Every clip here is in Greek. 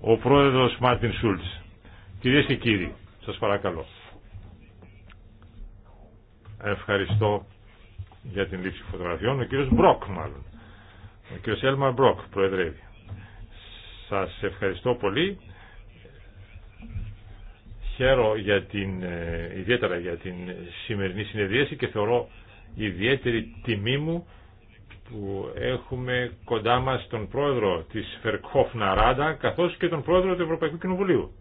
Ο πρόεδρος Μάρτιν Σούλτς. Κυρίες και κύριοι, σας παρακαλώ. Ευχαριστώ για την λήψη φωτογραφιών. Ο κύριος Μπροκ μάλλον. Ο κύριος Έλμαρ Μπροκ προεδρεύει. Σας ευχαριστώ πολύ. Χαίρο για την, ε, ιδιαίτερα για την σημερινή συνεδρίαση και θεωρώ ιδιαίτερη τιμή μου που έχουμε κοντά μας τον πρόεδρο της Φερκόφνα Ράντα καθώς και τον πρόεδρο του Ευρωπαϊκού Κοινοβουλίου.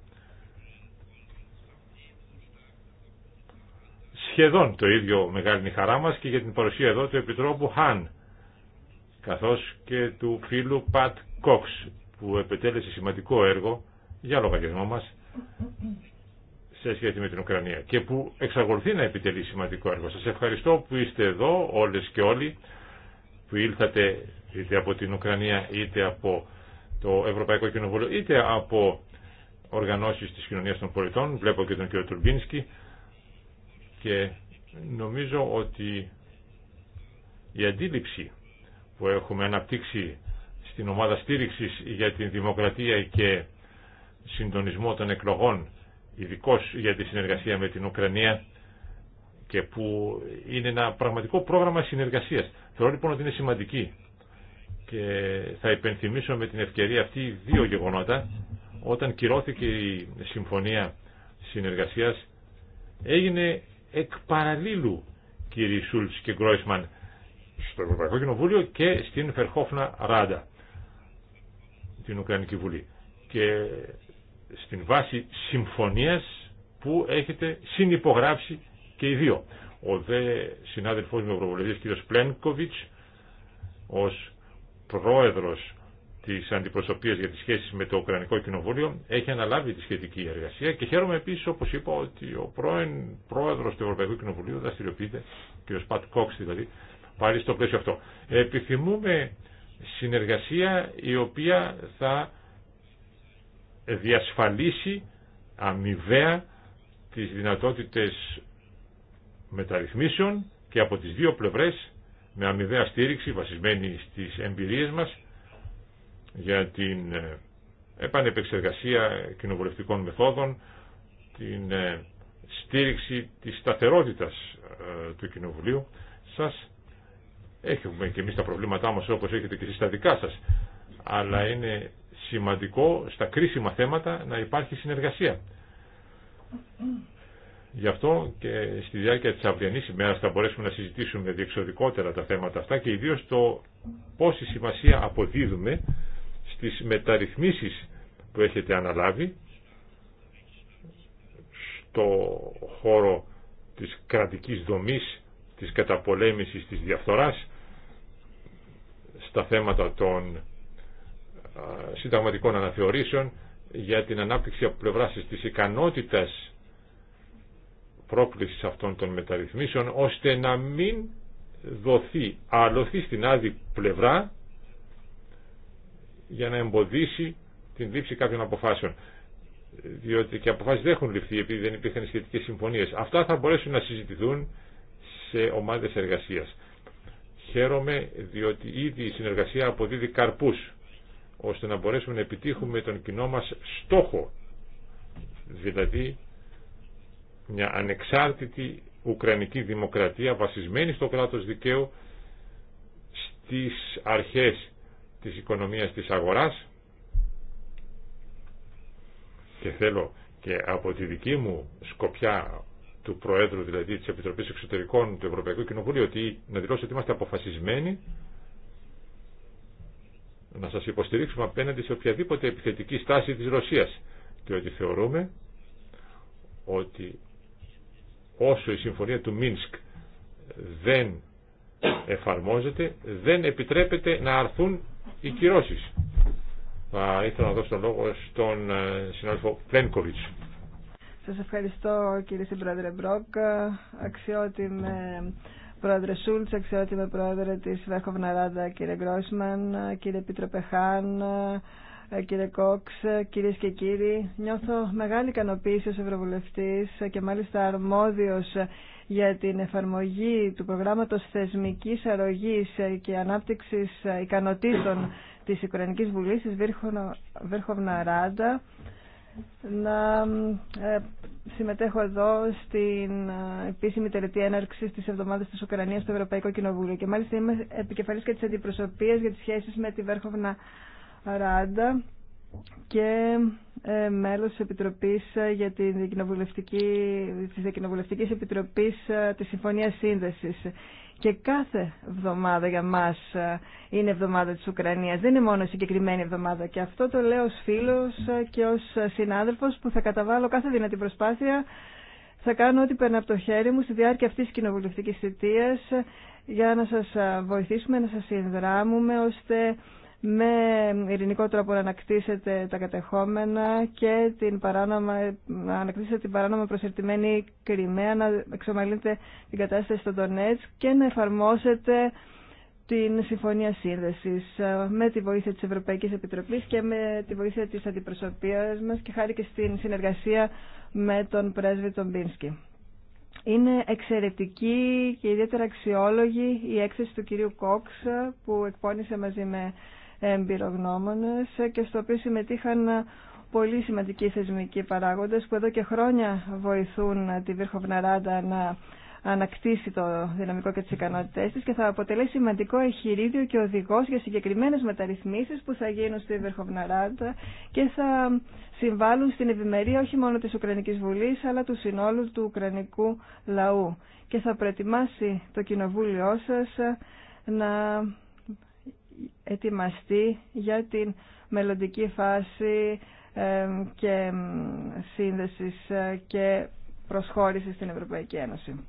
Σχεδόν το ίδιο μεγάλη χαρά μας και για την παρουσία εδώ του Επιτρόπου Χάν καθώς και του φίλου Πατ Κόξ που επετέλεσε σημαντικό έργο για λογαριασμό μας σε σχέση με την Ουκρανία και που εξακολουθεί να επιτελεί σημαντικό έργο. Σας ευχαριστώ που είστε εδώ όλες και όλοι που ήλθατε είτε από την Ουκρανία είτε από το Ευρωπαϊκό Κοινοβούλιο είτε από οργανώσεις της κοινωνίας των πολιτών, βλέπω και τον κύριο Τουρμπίνσκι και νομίζω ότι η αντίληψη που έχουμε αναπτύξει στην ομάδα στήριξης για την δημοκρατία και συντονισμό των εκλογών ειδικώ για τη συνεργασία με την Ουκρανία και που είναι ένα πραγματικό πρόγραμμα συνεργασίας. Θεωρώ λοιπόν ότι είναι σημαντική και θα υπενθυμίσω με την ευκαιρία αυτή δύο γεγονότα. Όταν κυρώθηκε η συμφωνία συνεργασίας έγινε εκ παραλίλου κύριοι Σούλτς και Γκρόισμαν στο Ευρωπαϊκό Κοινοβούλιο και στην Φερχόφνα Ράντα την Ουκρανική Βουλή και στην βάση συμφωνίας που έχετε συνυπογράψει και οι δύο. Ο δε συνάδελφός μου, ο Ευρωβουλευτής κ. Πλένκοβιτς, ως πρόεδρος της αντιπροσωπείας για τις σχέσεις με το Ουκρανικό Κοινοβούλιο, έχει αναλάβει τη σχετική εργασία και χαίρομαι επίσης, όπως είπα, ότι ο πρώην πρόεδρος του Ευρωπαϊκού Κοινοβουλίου δραστηριοποιείται, κ. Πατ Κόξ δηλαδή, πάλι στο πλαίσιο αυτό. Επιθυμούμε συνεργασία η οποία θα διασφαλίσει αμοιβαία τις δυνατότητες μεταρρυθμίσεων και από τις δύο πλευρές με αμοιβαία στήριξη βασισμένη στις εμπειρίες μας για την ε, επανεπεξεργασία κοινοβουλευτικών μεθόδων, την ε, στήριξη της σταθερότητας ε, του Κοινοβουλίου. Σας έχουμε και εμείς τα προβλήματά μας όπως έχετε και εσείς τα δικά σας, αλλά είναι σημαντικό στα κρίσιμα θέματα να υπάρχει συνεργασία. Γι' αυτό και στη διάρκεια της αυριανής ημέρας θα μπορέσουμε να συζητήσουμε διεξοδικότερα τα θέματα αυτά και ιδίως το πόση σημασία αποδίδουμε στις μεταρρυθμίσεις που έχετε αναλάβει στο χώρο της κρατικής δομής, της καταπολέμησης της διαφθοράς, στα θέματα των συνταγματικών αναθεωρήσεων, για την ανάπτυξη από πλευρά της ικανότητας πρόκλησης αυτών των μεταρρυθμίσεων ώστε να μην δοθεί αλωθεί στην άλλη πλευρά για να εμποδίσει την λήψη κάποιων αποφάσεων. Διότι και αποφάσεις δεν έχουν ληφθεί επειδή δεν υπήρχαν σχετικέ συμφωνίες. Αυτά θα μπορέσουν να συζητηθούν σε ομάδες εργασίας. Χαίρομαι διότι ήδη η συνεργασία αποδίδει καρπούς ώστε να μπορέσουμε να επιτύχουμε τον κοινό μας στόχο δηλαδή μια ανεξάρτητη Ουκρανική Δημοκρατία βασισμένη στο κράτος δικαίου στις αρχές της οικονομίας της αγοράς και θέλω και από τη δική μου σκοπιά του Προέδρου δηλαδή της Επιτροπής Εξωτερικών του Ευρωπαϊκού Κοινοβουλίου ότι, να δηλώσω ότι είμαστε αποφασισμένοι να σας υποστηρίξουμε απέναντι σε οποιαδήποτε επιθετική στάση της Ρωσίας και ότι θεωρούμε ότι όσο η συμφωνία του Μίνσκ δεν εφαρμόζεται, δεν επιτρέπεται να αρθούν οι κυρώσεις. Θα ήθελα να δώσω τον λόγο στον ε, συνάδελφο Πλένκοβιτς. Σας ευχαριστώ κύριε Συμπρόεδρε Μπρόκ, αξιότιμε πρόεδρε Σούλτς, αξιότιμε πρόεδρε της Βέχοβνα κύριε Γκρόσμαν, κύριε Πίτρο Πεχάν, ε, κύριε Κόξ, κύριε και κύριοι. Νιώθω μεγάλη ικανοποίηση ω Ευρωβουλευτή και μάλιστα αρμόδιο για την εφαρμογή του προγράμματος θεσμικής αρρωγής και ανάπτυξης ικανοτήτων της Ουκρανικής Βουλής της Βέρχοβνα Ράντα να ε, συμμετέχω εδώ στην ε, επίσημη τελετή έναρξη τη εβδομάδα τη Ουκρανία στο Ευρωπαϊκό Κοινοβούλιο. Και μάλιστα είμαι επικεφαλή και τη αντιπροσωπεία για τι σχέσει με τη Βέρχοβνα Ράντα και ε, μέλος της Επιτροπής ε, για την Διακοινοβουλευτική, της τη Επιτροπής ε, της Συμφωνίας Σύνδεσης. Και κάθε εβδομάδα για μας είναι εβδομάδα της Ουκρανίας. Δεν είναι μόνο η συγκεκριμένη εβδομάδα. Και αυτό το λέω ως φίλος και ως συνάδελφος που θα καταβάλω κάθε δυνατή προσπάθεια. Θα κάνω ό,τι περνά από το χέρι μου στη διάρκεια αυτής της κοινοβουλευτικής θητείας για να σας βοηθήσουμε, να σας συνδράμουμε ώστε με ειρηνικό τρόπο να ανακτήσετε τα κατεχόμενα και την παράνομα, να ανακτήσετε την παράνομα προσερτημένη Κρυμαία, να εξομαλύνετε την κατάσταση στον Τονέτς και να εφαρμόσετε την Συμφωνία Σύνδεσης ε, με τη βοήθεια της Ευρωπαϊκής Επιτροπής και με τη βοήθεια της αντιπροσωπείας μας και χάρη και στην συνεργασία με τον πρέσβη τον Μπίνσκι. Είναι εξαιρετική και ιδιαίτερα αξιόλογη η έκθεση του κυρίου Κόξ που εκπώνησε μαζί με εμπειρογνώμονε και στο οποίο συμμετείχαν πολύ σημαντικοί θεσμικοί παράγοντες που εδώ και χρόνια βοηθούν τη Βίρχοβνα να ανακτήσει το δυναμικό και τις ικανότητές της και θα αποτελέσει σημαντικό εγχειρίδιο και οδηγός για συγκεκριμένες μεταρρυθμίσεις που θα γίνουν στη Βερχοβναράντα και θα συμβάλλουν στην ευημερία όχι μόνο της Ουκρανικής Βουλής αλλά του συνόλου του Ουκρανικού λαού και θα προετοιμάσει το κοινοβούλιο σα να ετοιμαστεί για την μελλοντική φάση και σύνδεσης ε, και προσχώρηση στην Ευρωπαϊκή Ένωση.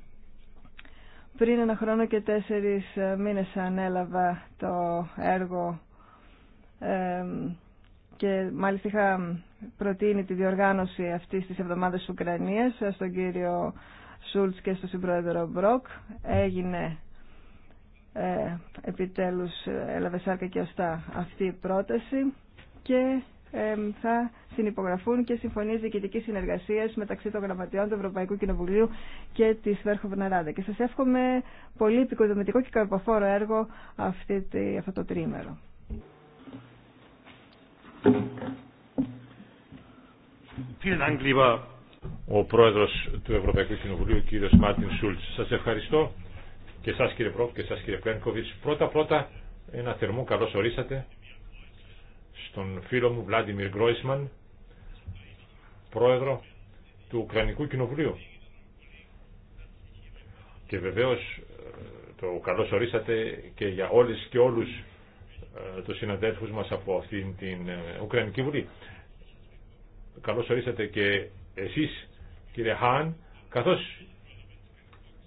Πριν ένα χρόνο και τέσσερις ε, μήνες ανέλαβα το έργο και μάλιστα είχα προτείνει τη διοργάνωση αυτής της εβδομάδας της Ουκρανίας ε, στον κύριο Σούλτς και στον συμπρόεδρο Μπροκ. Έγινε ε, επιτέλους ε, έλαβε σάρκα και οστά αυτή η πρόταση και ε, θα συνυπογραφούν και συμφωνίες διοικητικής συνεργασίας μεταξύ των γραμματιών του Ευρωπαϊκού Κοινοβουλίου και της Βέρχοβνα Ράντα Και σας εύχομαι πολύ επικοδομητικό και καρποφόρο έργο αυτή, αυτό το τρίμερο. Ο πρόεδρος του Ευρωπαϊκού Κοινοβουλίου, κύριος Μάρτιν Σούλτς. Σας ευχαριστώ και σας κύριε Πρόκ και σας κύριε Πλένκοβιτς. Πρώτα πρώτα ένα θερμό καλώ ορίσατε στον φίλο μου Βλάντιμιρ Γκρόισμαν, πρόεδρο του Ουκρανικού Κοινοβουλίου. Και βεβαίως ε, το καλώ ορίσατε και για όλες και όλους ε, τους συναδέλφους μας από αυτήν την ε, Ουκρανική Βουλή. Καλώς ορίσατε και εσείς κύριε Χάν, καθώς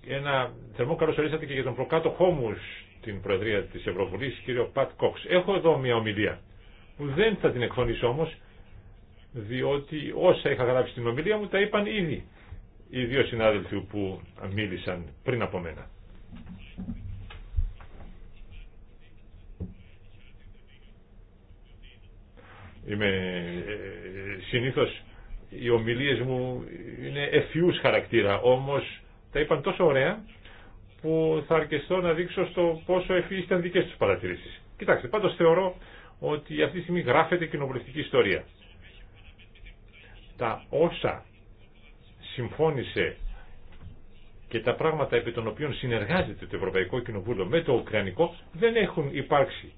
ένα θερμό καλώς ορίσατε και για τον προκάτοχό μου στην Προεδρία της Ευρωβουλής, κύριο Πατ Κόξ. Έχω εδώ μια ομιλία που δεν θα την εκφωνήσω όμως, διότι όσα είχα γράψει στην ομιλία μου τα είπαν ήδη οι δύο συνάδελφοι που μίλησαν πριν από μένα. Είμαι, ε, ε, συνήθως οι ομιλίες μου είναι εφιούς χαρακτήρα, όμως τα είπαν τόσο ωραία που θα αρκεστώ να δείξω στο πόσο ευφύης ήταν δικές τους παρατηρήσεις. Κοιτάξτε, πάντως θεωρώ ότι αυτή τη στιγμή γράφεται κοινοβουλευτική ιστορία. Τα όσα συμφώνησε και τα πράγματα επί των οποίων συνεργάζεται το Ευρωπαϊκό Κοινοβούλιο με το Ουκρανικό δεν έχουν υπάρξει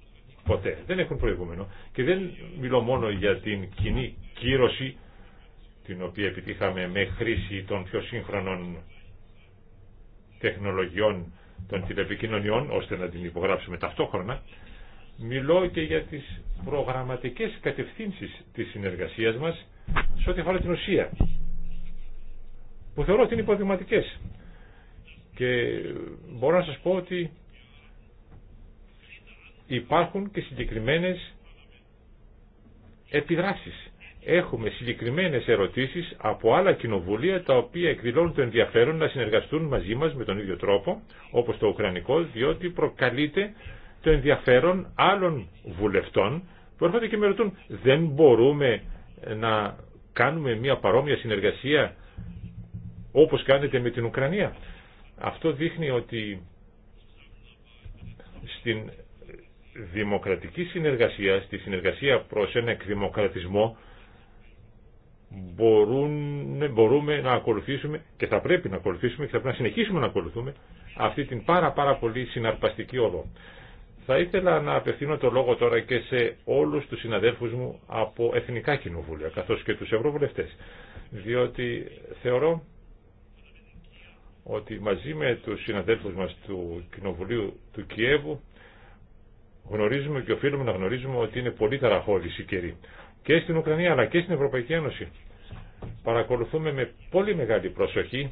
ποτέ, δεν έχουν προηγούμενο. Και δεν μιλώ μόνο για την κοινή κύρωση την οποία επιτύχαμε με χρήση των πιο σύγχρονων τεχνολογιών των τηλεπικοινωνιών, ώστε να την υπογράψουμε ταυτόχρονα, μιλώ και για τις προγραμματικές κατευθύνσεις της συνεργασίας μας σε ό,τι αφορά την ουσία, που θεωρώ ότι είναι υποδηματικές. Και μπορώ να σας πω ότι υπάρχουν και συγκεκριμένες επιδράσεις έχουμε συγκεκριμένες ερωτήσεις από άλλα κοινοβούλια τα οποία εκδηλώνουν το ενδιαφέρον να συνεργαστούν μαζί μας με τον ίδιο τρόπο όπως το Ουκρανικό διότι προκαλείται το ενδιαφέρον άλλων βουλευτών που έρχονται και με ρωτούν δεν μπορούμε να κάνουμε μια παρόμοια συνεργασία όπως κάνετε με την Ουκρανία. Αυτό δείχνει ότι στην δημοκρατική συνεργασία, στη συνεργασία προς ένα εκδημοκρατισμό μπορούν, ναι, μπορούμε να ακολουθήσουμε και θα πρέπει να ακολουθήσουμε και θα πρέπει να συνεχίσουμε να ακολουθούμε αυτή την πάρα πάρα πολύ συναρπαστική οδό. Θα ήθελα να απευθύνω το λόγο τώρα και σε όλους τους συναδέλφους μου από εθνικά κοινοβούλια, καθώς και τους ευρωβουλευτές, διότι θεωρώ ότι μαζί με τους συναδέλφους μας του Κοινοβουλίου του Κιέβου γνωρίζουμε και οφείλουμε να γνωρίζουμε ότι είναι πολύ ταραχώδης η καιρή και στην Ουκρανία αλλά και στην Ευρωπαϊκή Ένωση. Παρακολουθούμε με πολύ μεγάλη προσοχή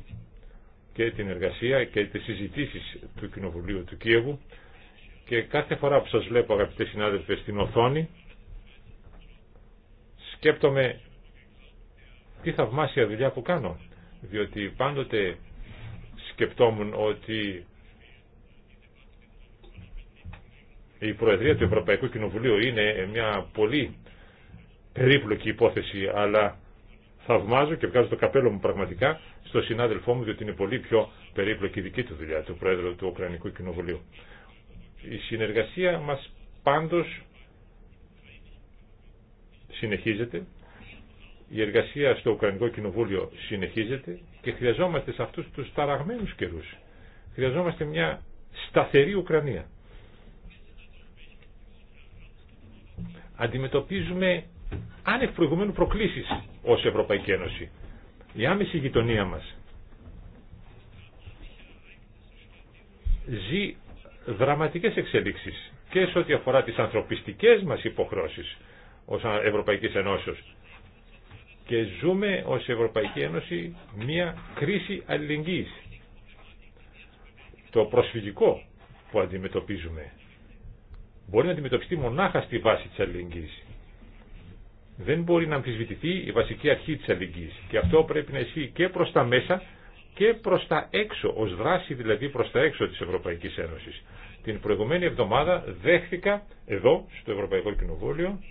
και την εργασία και τις συζητήσεις του Κοινοβουλίου του Κίεβου και κάθε φορά που σας βλέπω αγαπητές συνάδελφες στην οθόνη σκέπτομαι τι θαυμάσια δουλειά που κάνω διότι πάντοτε σκεπτόμουν ότι η Προεδρία του Ευρωπαϊκού Κοινοβουλίου είναι μια πολύ περίπλοκη υπόθεση, αλλά θαυμάζω και βγάζω το καπέλο μου πραγματικά στο συνάδελφό μου, διότι είναι πολύ πιο περίπλοκη η δική του δουλειά, του Πρόεδρου του Ουκρανικού Κοινοβουλίου. Η συνεργασία μας πάντως συνεχίζεται, η εργασία στο Ουκρανικό Κοινοβούλιο συνεχίζεται και χρειαζόμαστε σε αυτούς τους ταραγμένους καιρούς. Χρειαζόμαστε μια σταθερή Ουκρανία. Αντιμετωπίζουμε άνευ προηγουμένου προκλήσεις ως Ευρωπαϊκή Ένωση. Η άμεση γειτονία μας ζει δραματικές εξελίξεις και σε ό,τι αφορά τις ανθρωπιστικές μας υποχρώσεις ως Ευρωπαϊκής Ενώσεως. Και ζούμε ως Ευρωπαϊκή Ένωση μια κρίση αλληλεγγύης. Το προσφυγικό που αντιμετωπίζουμε μπορεί να αντιμετωπιστεί μονάχα στη βάση της αλληλεγγύης δεν μπορεί να αμφισβητηθεί η βασική αρχή της αλληλεγγύης και αυτό πρέπει να ισχύει και προς τα μέσα και προς τα έξω, ως δράση δηλαδή προς τα έξω της Ευρωπαϊκής Ένωσης. Την προηγουμένη εβδομάδα δέχθηκα εδώ, στο Ευρωπαϊκό Κοινοβούλιο,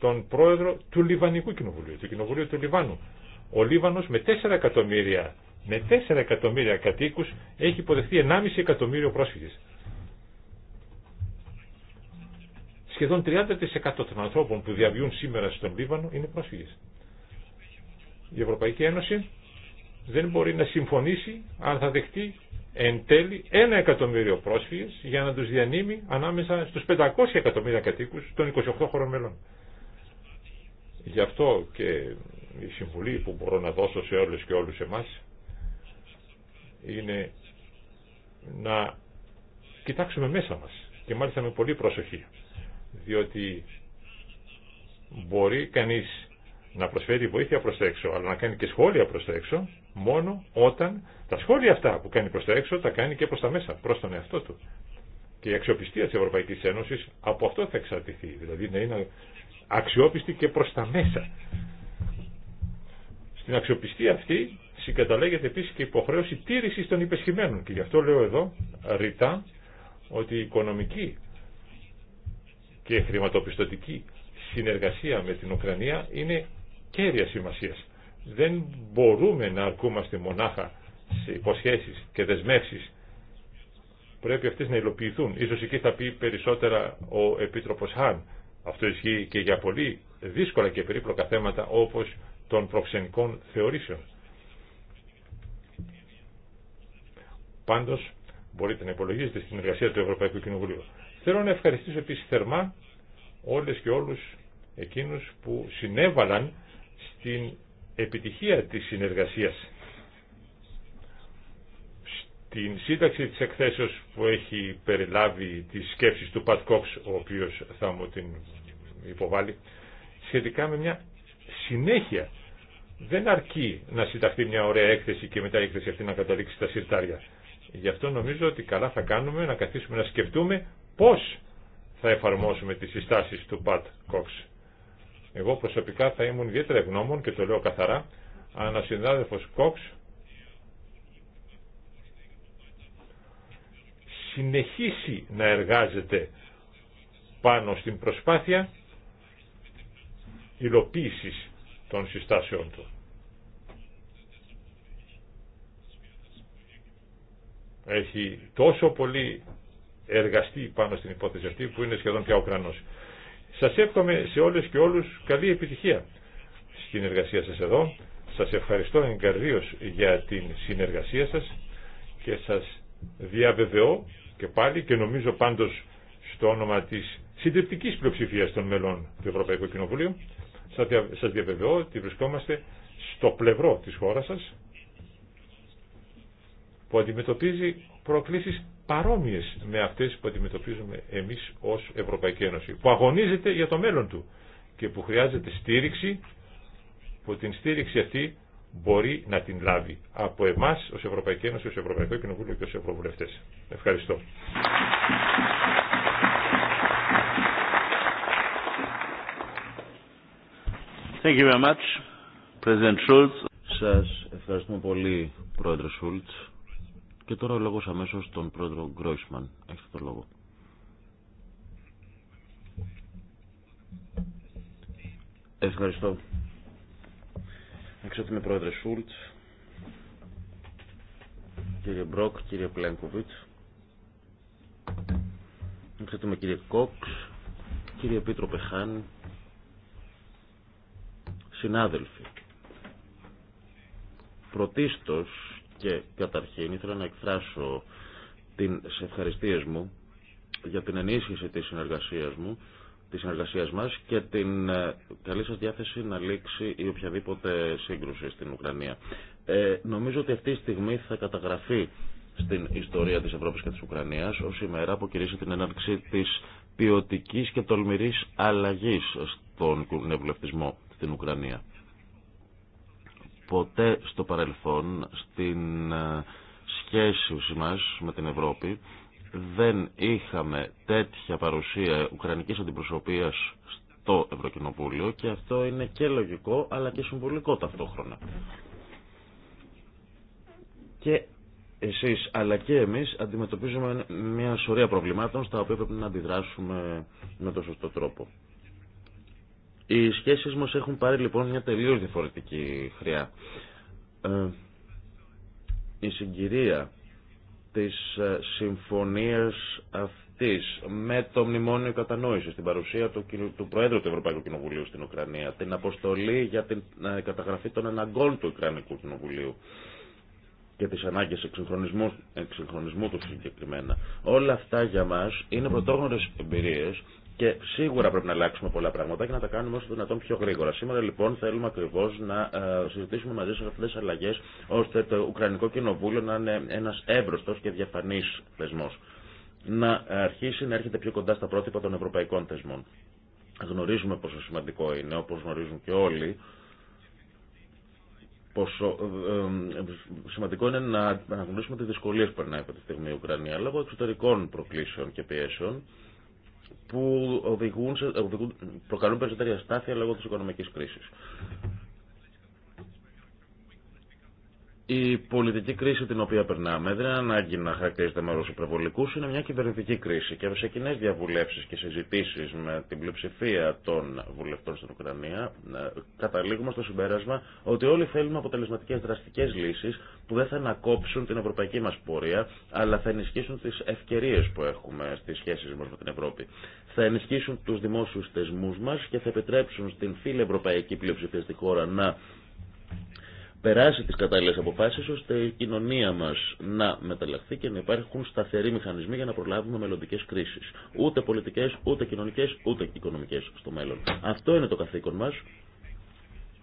τον πρόεδρο του Λιβανικού Κοινοβουλίου, του Κοινοβουλίου του Λιβάνου. Ο Λίβανος με 4 εκατομμύρια, με 4 εκατομμύρια κατοίκους έχει υποδεχθεί 1,5 εκατομμύριο πρόσφυγες. σχεδόν 30% των ανθρώπων που διαβιούν σήμερα στον Λίβανο είναι πρόσφυγες. Η Ευρωπαϊκή Ένωση δεν μπορεί να συμφωνήσει αν θα δεχτεί εν τέλει ένα εκατομμύριο πρόσφυγες για να τους διανύμει ανάμεσα στους 500 εκατομμύρια κατοίκους των 28 χωρών μελών. Γι' αυτό και η συμβουλή που μπορώ να δώσω σε όλους και όλους εμάς είναι να κοιτάξουμε μέσα μας και μάλιστα με πολύ προσοχή διότι μπορεί κανείς να προσφέρει βοήθεια προς τα έξω, αλλά να κάνει και σχόλια προς τα έξω, μόνο όταν τα σχόλια αυτά που κάνει προς τα έξω τα κάνει και προς τα μέσα, προς τον εαυτό του. Και η αξιοπιστία της Ευρωπαϊκής Ένωσης από αυτό θα εξαρτηθεί, δηλαδή να είναι αξιόπιστη και προς τα μέσα. Στην αξιοπιστία αυτή συγκαταλέγεται επίσης και υποχρέωση τήρησης των υπεσχημένων και γι' αυτό λέω εδώ ρητά ότι η οικονομική και χρηματοπιστωτική συνεργασία με την Ουκρανία είναι κέρια σημασίας. Δεν μπορούμε να αρκούμαστε μονάχα σε υποσχέσεις και δεσμεύσεις. Πρέπει αυτές να υλοποιηθούν. Ίσως εκεί θα πει περισσότερα ο Επίτροπος Χάν. Αυτό ισχύει και για πολύ δύσκολα και περίπλοκα θέματα όπως των προξενικών θεωρήσεων. Πάντως μπορείτε να υπολογίζετε στην εργασία του Ευρωπαϊκού Κοινοβουλίου. Θέλω να ευχαριστήσω επίσης θερμά όλες και όλους εκείνους που συνέβαλαν στην επιτυχία της συνεργασίας Στην σύνταξη της εκθέσεως που έχει περιλάβει τις σκέψεις του Πατ Κόξ, ο οποίος θα μου την υποβάλει, σχετικά με μια συνέχεια. Δεν αρκεί να συνταχθεί μια ωραία έκθεση και μετά η έκθεση αυτή να καταλήξει στα συρτάρια. Γι' αυτό νομίζω ότι καλά θα κάνουμε να καθίσουμε να σκεφτούμε πώς θα εφαρμόσουμε τις συστάσεις του Πατ Κόξ. Εγώ προσωπικά θα ήμουν ιδιαίτερα ευγνώμων και το λέω καθαρά αν ο συνάδελφος Κόξ συνεχίσει να εργάζεται πάνω στην προσπάθεια υλοποίησης των συστάσεών του. Έχει τόσο πολύ εργαστεί πάνω στην υπόθεση αυτή που είναι σχεδόν πια Ουκρανό. Σας εύχομαι σε όλε και όλους καλή επιτυχία στην εργασία σας εδώ. Σας ευχαριστώ εγκαρδίως για την συνεργασία σας και σας διαβεβαιώ και πάλι και νομίζω πάντω στο όνομα της συντριπτικής πλειοψηφία των μελών του Ευρωπαϊκού Κοινοβουλίου σας διαβεβαιώ ότι βρισκόμαστε στο πλευρό της χώρας σας που αντιμετωπίζει προκλήσεις παρόμοιες με αυτές που αντιμετωπίζουμε εμείς ως Ευρωπαϊκή Ένωση, που αγωνίζεται για το μέλλον του και που χρειάζεται στήριξη, που την στήριξη αυτή μπορεί να την λάβει από εμάς ως Ευρωπαϊκή Ένωση, ως Ευρωπαϊκό Κοινοβούλιο και ως Ευρωβουλευτές. Ευχαριστώ. Thank you very much, President Σας ευχαριστούμε πολύ, Πρόεδρε Σούλτς. Και τώρα ο λόγος αμέσως στον πρόεδρο Γκρόισμαν. Έχετε το λόγο. Ευχαριστώ. με πρόεδρε Σούλτ, κύριε Μπρόκ, κύριε Πλένκοβιτς, με κύριε Κόξ, κύριε πίτρο Πεχάν. συνάδελφοι. Πρωτίστως και καταρχήν ήθελα να εκφράσω την ευχαριστίες μου για την ενίσχυση της συνεργασίας μου της συνεργασία μας και την ε, καλή σας διάθεση να λήξει η οποιαδήποτε σύγκρουση στην Ουκρανία. Ε, νομίζω ότι αυτή η στιγμή θα καταγραφεί στην ιστορία της Ευρώπης και της Ουκρανίας ως ημέρα που κηρύσσει την έναρξη της ποιοτική και τολμηρή αλλαγή στον νεοβουλευτισμό στην Ουκρανία ποτέ στο παρελθόν στην ε, σχέση μας με την Ευρώπη δεν είχαμε τέτοια παρουσία ουκρανικής αντιπροσωπείας στο Ευρωκοινοβούλιο και αυτό είναι και λογικό αλλά και συμβολικό ταυτόχρονα. Και εσείς αλλά και εμείς αντιμετωπίζουμε μια σωρία προβλημάτων στα οποία πρέπει να αντιδράσουμε με τον σωστό τρόπο. Οι σχέσεις μας έχουν πάρει λοιπόν μια τελείως διαφορετική χρειά. Ε, η συγκυρία της ε, συμφωνίας αυτής με το Μνημόνιο κατανόηση την παρουσία του, του Προέδρου του Ευρωπαϊκού Κοινοβουλίου στην Ουκρανία, την αποστολή για την ε, καταγραφή των αναγκών του Ουκρανικού Κοινοβουλίου, και τις ανάγκες εξυγχρονισμού, εξυγχρονισμού του συγκεκριμένα. Όλα αυτά για μας είναι πρωτόγνωρες εμπειρίες και σίγουρα πρέπει να αλλάξουμε πολλά πράγματα και να τα κάνουμε όσο δυνατόν πιο γρήγορα. Σήμερα λοιπόν θέλουμε ακριβώ να ε, συζητήσουμε μαζί σα αυτέ τι αλλαγέ ώστε το Ουκρανικό Κοινοβούλιο να είναι ένα έμπροστο και διαφανή θεσμό. Να αρχίσει να έρχεται πιο κοντά στα πρότυπα των ευρωπαϊκών θεσμών. Γνωρίζουμε πόσο σημαντικό είναι, όπω γνωρίζουν και όλοι, πόσο ε, ε, σημαντικό είναι να αναγνωρίσουμε τι δυσκολίε που περνάει από τη στιγμή η Ουκρανία λόγω εξωτερικών προκλήσεων και πιέσεων που οδηγούν, οδηγούν προκαλούν περισσότερη αστάθεια λόγω της οικονομικής κρίσης. Η πολιτική κρίση την οποία περνάμε δεν είναι ανάγκη να χαρακτηρίζεται με όρους υπερβολικού, είναι μια κυβερνητική κρίση. Και σε κοινέ διαβουλεύσει και συζητήσει με την πλειοψηφία των βουλευτών στην Ουκρανία, ε, καταλήγουμε στο συμπέρασμα ότι όλοι θέλουμε αποτελεσματικέ δραστικέ λύσει που δεν θα ανακόψουν την ευρωπαϊκή μα πορεία, αλλά θα ενισχύσουν τι ευκαιρίε που έχουμε στι σχέσει μα με την Ευρώπη. Θα ενισχύσουν του δημόσιου θεσμού μα και θα επιτρέψουν στην φίλη ευρωπαϊκή πλειοψηφία στη χώρα να περάσει τις κατάλληλες αποφάσεις ώστε η κοινωνία μας να μεταλλαχθεί και να υπάρχουν σταθεροί μηχανισμοί για να προλάβουμε μελλοντικές κρίσεις. Ούτε πολιτικές, ούτε κοινωνικές, ούτε οικονομικές στο μέλλον. Αυτό είναι το καθήκον μας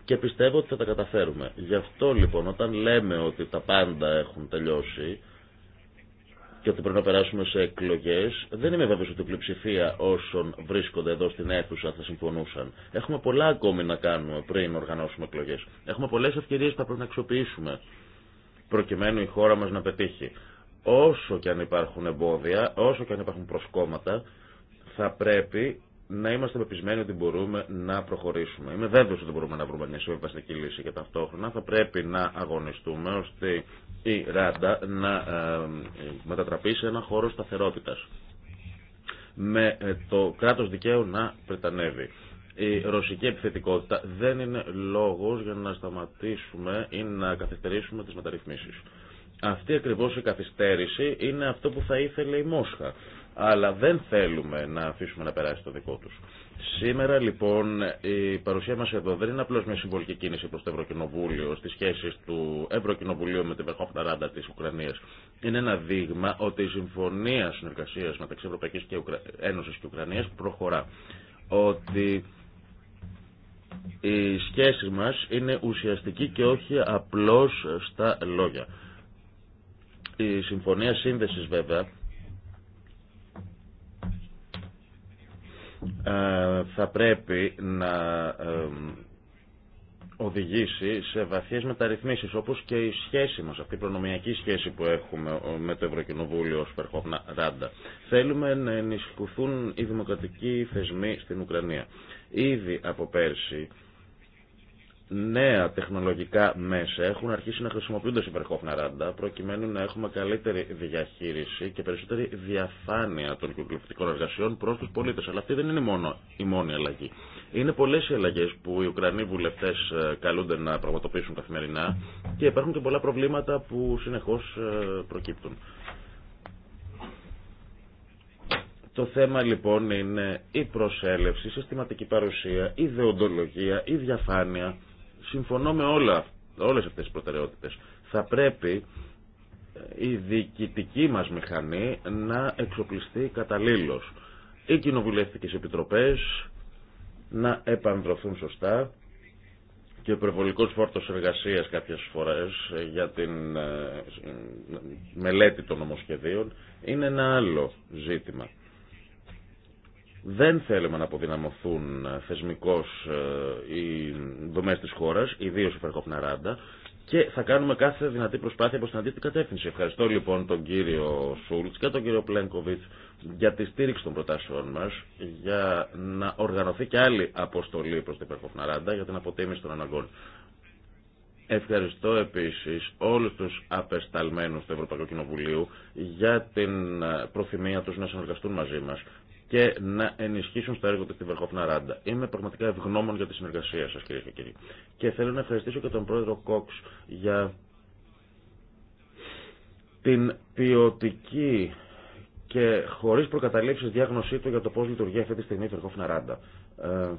και πιστεύω ότι θα τα καταφέρουμε. Γι' αυτό λοιπόν όταν λέμε ότι τα πάντα έχουν τελειώσει και ότι πρέπει να περάσουμε σε εκλογέ. Δεν είμαι βέβαιο ότι η πλειοψηφία όσων βρίσκονται εδώ στην αίθουσα θα συμφωνούσαν. Έχουμε πολλά ακόμη να κάνουμε πριν οργανώσουμε εκλογέ. Έχουμε πολλέ ευκαιρίε που θα πρέπει να αξιοποιήσουμε προκειμένου η χώρα μα να πετύχει. Όσο και αν υπάρχουν εμπόδια, όσο και αν υπάρχουν προσκόμματα, θα πρέπει να είμαστε πεπισμένοι ότι μπορούμε να προχωρήσουμε. Είμαι βέβαιο ότι μπορούμε να βρούμε μια συμβιβαστική λύση και ταυτόχρονα θα πρέπει να αγωνιστούμε ώστε η Ράντα να ε, ε, μετατραπεί σε ένα χώρο σταθερότητα. με ε, το κράτο δικαίου να πρετανεύει. Η ρωσική επιθετικότητα δεν είναι λόγο για να σταματήσουμε ή να καθυστερήσουμε τις μεταρρυθμίσεις. Αυτή ακριβώς η να καθυστερησουμε τι μεταρρυθμισει αυτη ακριβω η αυτό που θα ήθελε η Μόσχα αλλά δεν θέλουμε να αφήσουμε να περάσει το δικό τους. Σήμερα λοιπόν η παρουσία μας εδώ δεν είναι απλώς μια συμβολική κίνηση προς το Ευρωκοινοβούλιο στις σχέσεις του Ευρωκοινοβουλίου με την Βερχόφτα Ράντα της Ουκρανίας. Είναι ένα δείγμα ότι η συμφωνία συνεργασίας μεταξύ Ευρωπαϊκής και Ένωσης και Ουκρανίας προχωρά. Ότι οι σχέσεις μας είναι ουσιαστική και όχι απλώς στα λόγια. Η συμφωνία σύνδεσης βέβαια Ε, θα πρέπει να οδηγήσει σε βαθιές μεταρρυθμίσεις όπως και η σχέση μας, αυτή η προνομιακή σχέση που έχουμε με το Ευρωκοινοβούλιο ως Ράντα. Θέλουμε να ενισχυθούν οι δημοκρατικοί θεσμοί στην Ουκρανία. Ήδη από πέρσι νέα τεχνολογικά μέσα έχουν αρχίσει να χρησιμοποιούνται σε υπερχόφνα Ράντα προκειμένου να έχουμε καλύτερη διαχείριση και περισσότερη διαφάνεια των κυκλοφορικών εργασιών προ του πολίτε. Αλλά αυτή δεν είναι μόνο η μόνη αλλαγή. Είναι πολλέ οι αλλαγέ που οι Ουκρανοί βουλευτέ ε, καλούνται να πραγματοποιήσουν καθημερινά και υπάρχουν και πολλά προβλήματα που συνεχώ ε, προκύπτουν. Το θέμα λοιπόν είναι η προσέλευση, η συστηματική παρουσία, η δεοντολογία, η διαφάνεια συμφωνώ με όλα, όλες αυτές τις προτεραιότητες. Θα πρέπει ε, η διοικητική μας μηχανή να εξοπλιστεί καταλήλως. Οι κοινοβουλευτικές επιτροπές να επανδρωθούν σωστά και ο υπερβολικό φόρτος εργασίας κάποιες φορές ε, για την ε, μελέτη των νομοσχεδίων είναι ένα άλλο ζήτημα. Δεν θέλουμε να αποδυναμωθούν ε, θεσμικώ ε, οι δομέ τη χώρα, ιδίω η Φερκόπνα Ράντα, και θα κάνουμε κάθε δυνατή προσπάθεια προ την αντίθετη κατεύθυνση. Ευχαριστώ λοιπόν τον κύριο Σούλτ και τον κύριο Πλένκοβιτ για τη στήριξη των προτάσεών μα, για να οργανωθεί και άλλη αποστολή προ την Ράντα για την αποτίμηση των αναγκών. Ευχαριστώ επίση όλου του απεσταλμένου του Ευρωπαϊκού Κοινοβουλίου για την ε, προθυμία του να συνεργαστούν μαζί μα και να ενισχύσουν στο έργο του τη Βερχόφνα Ράντα. Είμαι πραγματικά ευγνώμων για τη συνεργασία σα, κυρίε και κύριοι. Και θέλω να ευχαριστήσω και τον πρόεδρο Κόξ για την ποιοτική και χωρί προκαταλήψει διάγνωσή του για το πώ λειτουργεί αυτή τη στιγμή η Βερχόφνα Ράντα. Ε,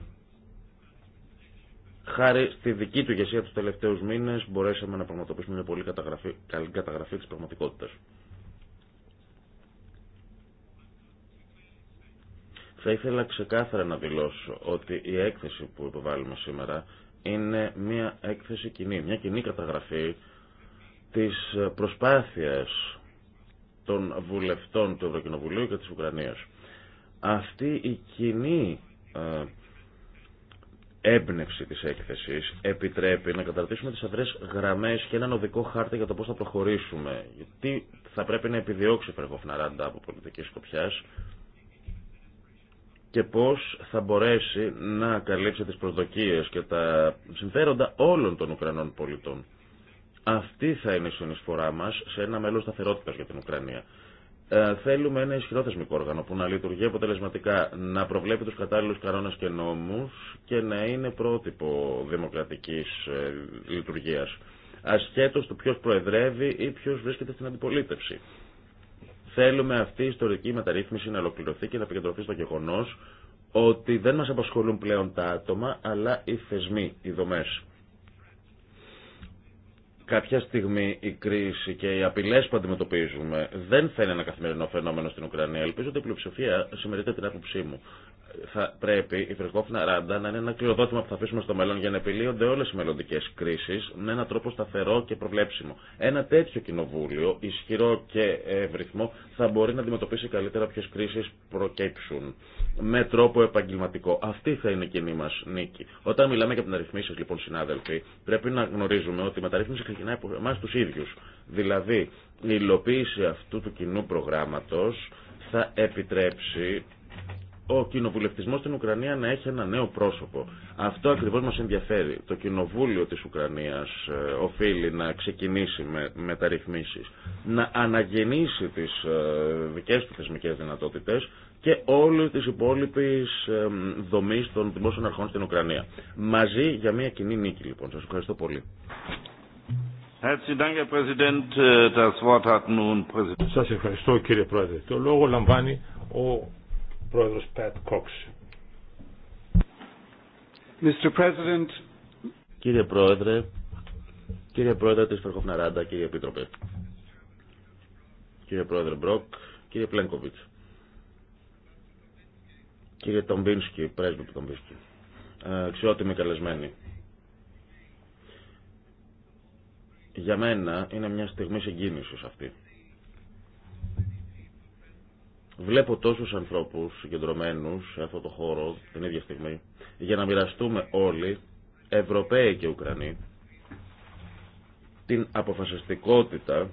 χάρη στη δική του ηγεσία του τελευταίου μήνε μπορέσαμε να πραγματοποιήσουμε μια πολύ καλή καταγραφή τη πραγματικότητα. Θα ήθελα ξεκάθαρα να δηλώσω ότι η έκθεση που υποβάλλουμε σήμερα είναι μια έκθεση κοινή, μια κοινή καταγραφή της προσπάθειας των βουλευτών του Ευρωκοινοβουλίου και της Ουκρανίας. Αυτή η κοινή ε, έμπνευση της έκθεσης επιτρέπει να καταρτήσουμε τις αδρές γραμμές και έναν οδικό χάρτη για το πώς θα προχωρήσουμε. Τι θα πρέπει να επιδιώξει η από πολιτική σκοπιάς και πώς θα μπορέσει να καλύψει τις προσδοκίες και τα συμφέροντα όλων των Ουκρανών πολιτών. Αυτή θα είναι η συνεισφορά μας σε ένα μέλλον σταθερότητας για την Ουκρανία. Ε, θέλουμε ένα ισχυρό θεσμικό όργανο που να λειτουργεί αποτελεσματικά, να προβλέπει τους κατάλληλους κανόνες και νόμους και να είναι πρότυπο δημοκρατικής ε, λειτουργίας ασχέτως του ποιος προεδρεύει ή ποιος βρίσκεται στην αντιπολίτευση. Θέλουμε αυτή η ιστορική μεταρρύθμιση να ολοκληρωθεί και να επικεντρωθεί στο γεγονό ότι δεν μα απασχολούν πλέον τα άτομα, αλλά οι θεσμοί, οι δομέ. Κάποια στιγμή η κρίση και οι απειλέ που αντιμετωπίζουμε δεν θα είναι ένα καθημερινό φαινόμενο στην Ουκρανία. Ελπίζω ότι η πλειοψηφία συμμερίζεται την άποψή μου θα πρέπει η φρύχοφνα Ράντα να είναι ένα κλειοδότημα που θα αφήσουμε στο μέλλον για να επιλύονται όλε οι μελλοντικέ κρίσει με έναν τρόπο σταθερό και προβλέψιμο. Ένα τέτοιο κοινοβούλιο, ισχυρό και ευρυθμό, θα μπορεί να αντιμετωπίσει καλύτερα ποιε κρίσει προκύψουν με τρόπο επαγγελματικό. Αυτή θα είναι η κοινή μα νίκη. Όταν μιλάμε για μεταρρυθμίσει, λοιπόν, συνάδελφοι, πρέπει να γνωρίζουμε ότι η μεταρρύθμιση ξεκινάει από εμά του ίδιου. Δηλαδή, η υλοποίηση αυτού του κοινού προγράμματο θα επιτρέψει ο κοινοβουλευτισμό στην Ουκρανία να έχει ένα νέο πρόσωπο. Αυτό ακριβώ μα ενδιαφέρει. Το κοινοβούλιο τη Ουκρανία ε, οφείλει να ξεκινήσει με μεταρρυθμίσει, να αναγεννήσει τι ε, δικέ του θεσμικέ δυνατότητε και όλη τη υπόλοιπη ε, δομή των δημόσιων αρχών στην Ουκρανία. Μαζί για μια κοινή νίκη λοιπόν. Σα ευχαριστώ πολύ. Äh, Σα ευχαριστώ κύριε Πρόεδρε. Το λόγο λαμβάνει ο πρόεδρος Πατ Κόξ. Κύριε Πρόεδρε, κύριε Πρόεδρε της Φερχοφναράντα, κύριε Επίτροπε, κύριε Πρόεδρε Μπροκ, κύριε Πλένκοβιτς, κύριε Τομπίνσκι, πρέσβη του Τομπίνσκι, ε, αξιότιμοι καλεσμένοι. Για μένα είναι μια στιγμή συγκίνησης αυτή. Βλέπω τόσου ανθρώπου συγκεντρωμένους σε αυτό το χώρο την ίδια στιγμή για να μοιραστούμε όλοι, Ευρωπαίοι και Ουκρανοί, την αποφασιστικότητα